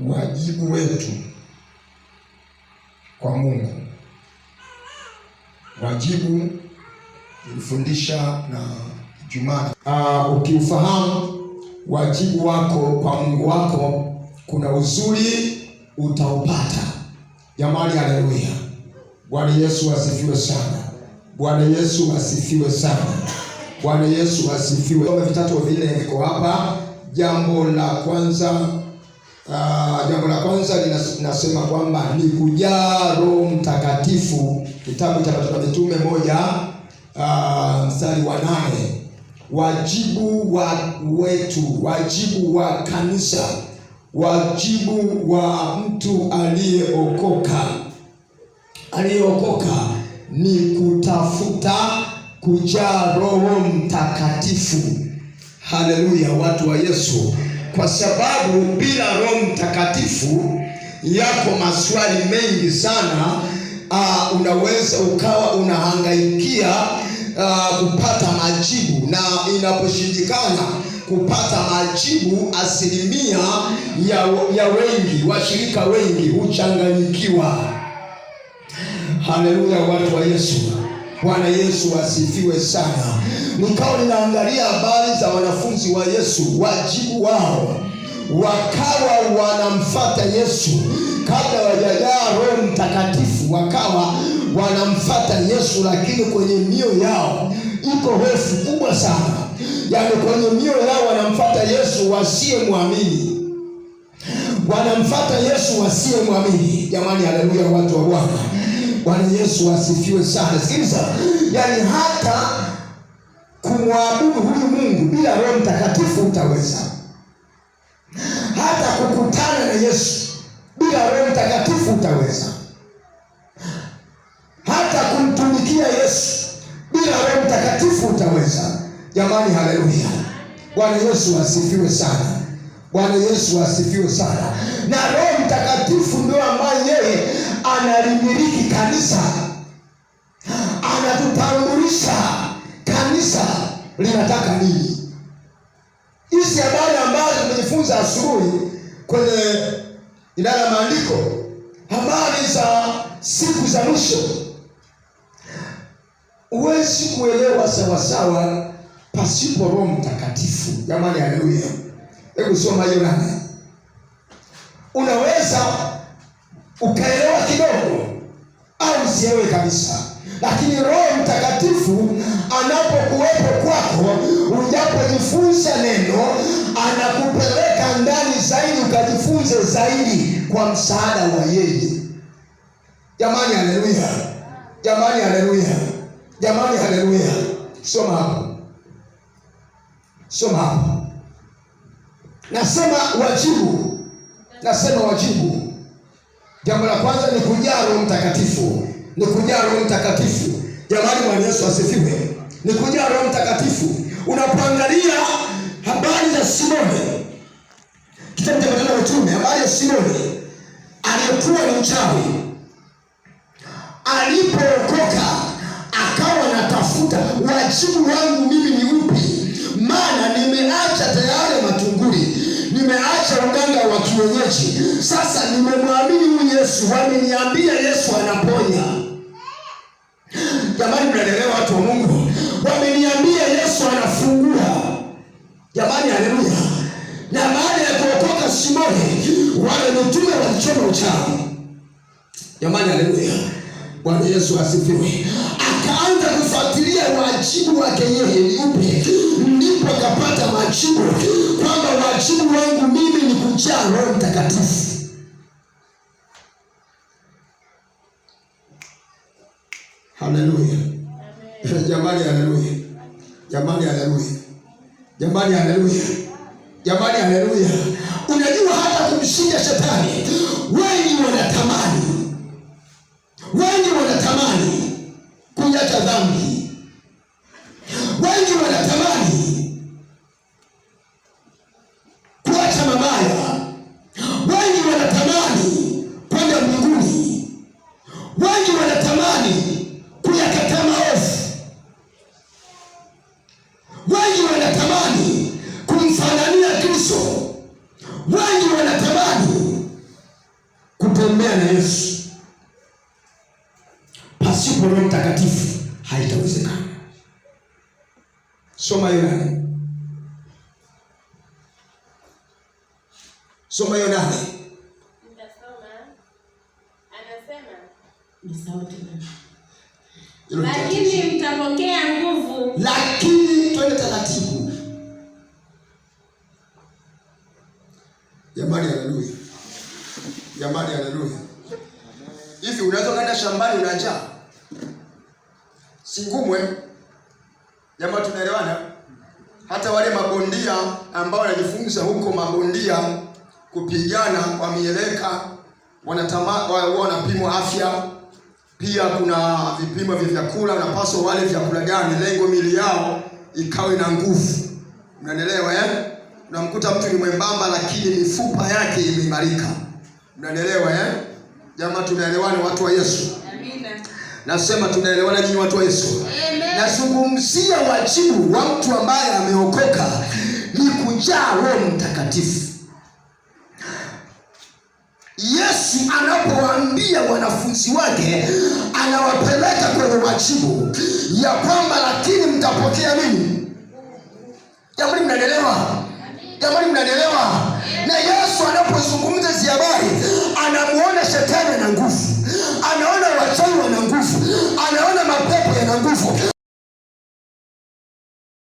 wajibu wetu kwa Mungu. Wajibu nilifundisha na Jumaa. Uh, ah, ukiufahamu wajibu wako kwa Mungu wako, kuna uzuri utaupata. Jamani, haleluya! Bwana Yesu asifiwe sana. Bwana Yesu asifiwe sana. Bwana Yesu asifiwe. Vitatu vile viko hapa. Jambo la kwanza Ah, jambo la kwanza linasema kwamba ni kujaa Roho Mtakatifu, kitabu cha Matendo ya Mitume moja ah, mstari wa nane. Wajibu wa wetu, wajibu wa kanisa, wajibu wa mtu aliyeokoka, aliyeokoka ni kutafuta kujaa Roho Mtakatifu. Haleluya, watu wa Yesu kwa sababu bila Roho Mtakatifu yako maswali mengi sana uh, unaweza ukawa unahangaikia uh, kupata majibu, na inaposhindikana kupata majibu, asilimia ya, ya wengi washirika wengi huchanganyikiwa. Haleluya, watu wa Yesu. Bwana Yesu asifiwe sana. Nikawa ninaangalia habari za wanafunzi wa Yesu, wajibu wao wakawa wanamfata Yesu kabla wajajaa Roho Mtakatifu, wakawa wanamfata Yesu, lakini kwenye mioyo yao iko hofu kubwa sana, yani kwenye mioyo yao wanamfata Yesu wasiyemwamini wanamfata Yesu wasiyemwamini. Jamani, haleluya, watu wa Bwana. Bwana Yesu asifiwe sana. Sikiliza, yaani hata kumwabudu huyu Mungu bila Roho Mtakatifu utaweza, hata kukutana na Yesu bila Roho Mtakatifu utaweza, hata kumtumikia Yesu bila Roho Mtakatifu utaweza. Jamani, haleluya! Bwana Yesu asifiwe sana. Bwana Yesu asifiwe sana. Na Roho Mtakatifu ndio ambaye yeye anali kanisa, anatutambulisha kanisa linataka nini. Hizi habari ambazo tumejifunza asubuhi kwenye idara ya maandiko, habari za siku za mwisho, huwezi kuelewa sawasawa pasipo Roho Mtakatifu. Jamani, haleluya! Hebu soma hiyo unaweza ukaelewa kidogo yewe kabisa, lakini Roho Mtakatifu anapokuwepo kwako, ujapojifunza neno anakupeleka ndani zaidi, ukajifunze zaidi kwa msaada wa yeye. Jamani, haleluya! Jamani, haleluya! Jamani, haleluya! Soma hapo, soma hapo. Nasema wajibu, nasema wajibu Jambo la kwanza ni kujaa Roho Mtakatifu, ni kujaa Roho Mtakatifu. Jamani, Bwana Yesu asifiwe! Ni kujaa Roho Mtakatifu. Unapoangalia habari za Simoni, kitabu cha Matendo ya Mitume, habari ya Simoni aliyekuwa ni mchawi, alipookoka akawa anatafuta wajibu wangu mimi ni upi? Maana nimeacha tayari matunguli, nimeacha uganga wa kienyeji, sasa nimemwamini Yesu, waliniambia Yesu anaponya. Jamani, mnaelewa watu wa Mungu? Wameniambia Yesu anafungua. Jamani, haleluya! Na baada ya kuokoka Simoni, wale mitume walichoma uchawi. Jamani, haleluya! Bwana Yesu asifiwe. Akaanza kufuatilia wajibu wake yeye ni upi, ndipo akapata majibu kwamba wajibu wangu mimi ni kujaa Roho Mtakatifu. Jamani, haleluya! Jamani, haleluya! Jamani, haleluya! Jamani, haleluya! Unajua, hata kumshinda shetani wengi wanatamani hitaji kutembea na Yesu pasipo Roho Mtakatifu haitawezekana. Soma hiyo nane, soma hiyo nane. Lakini mtapokea nguvu, lakini twende taratibu jamani. Jamani, haleluya! Hivi unaweza kwenda shambani una njaa, si ngumu eh? Jamani, tunaelewana? Hata wale mabondia ambao wanajifunza huko, mabondia kupigana kwa mieleka, wanatama wanapimwa afya pia kuna vipimo vya vyakula, paso wale vyakula gani, lengo mili yao ikawe na nguvu. Unanielewa eh? Unamkuta mtu ni mwembamba, lakini mifupa yake imeimarika. Mnanielewa eh? Jamaa, tunaelewana watu wa Yesu? Amina. Nasema tunaelewana nyinyi watu wa Yesu? Amen. Nazungumzia wajibu wa mtu ambaye ameokoka ni kujaa Roho Mtakatifu. Yesu anapowaambia wanafunzi wake anawapeleka kwenye wajibu ya kwamba lakini mtapokea nini? Jamani, mnanielewa? Jamani, mnanielewa? Na Yesu anapozungumza hizi habari I'm working.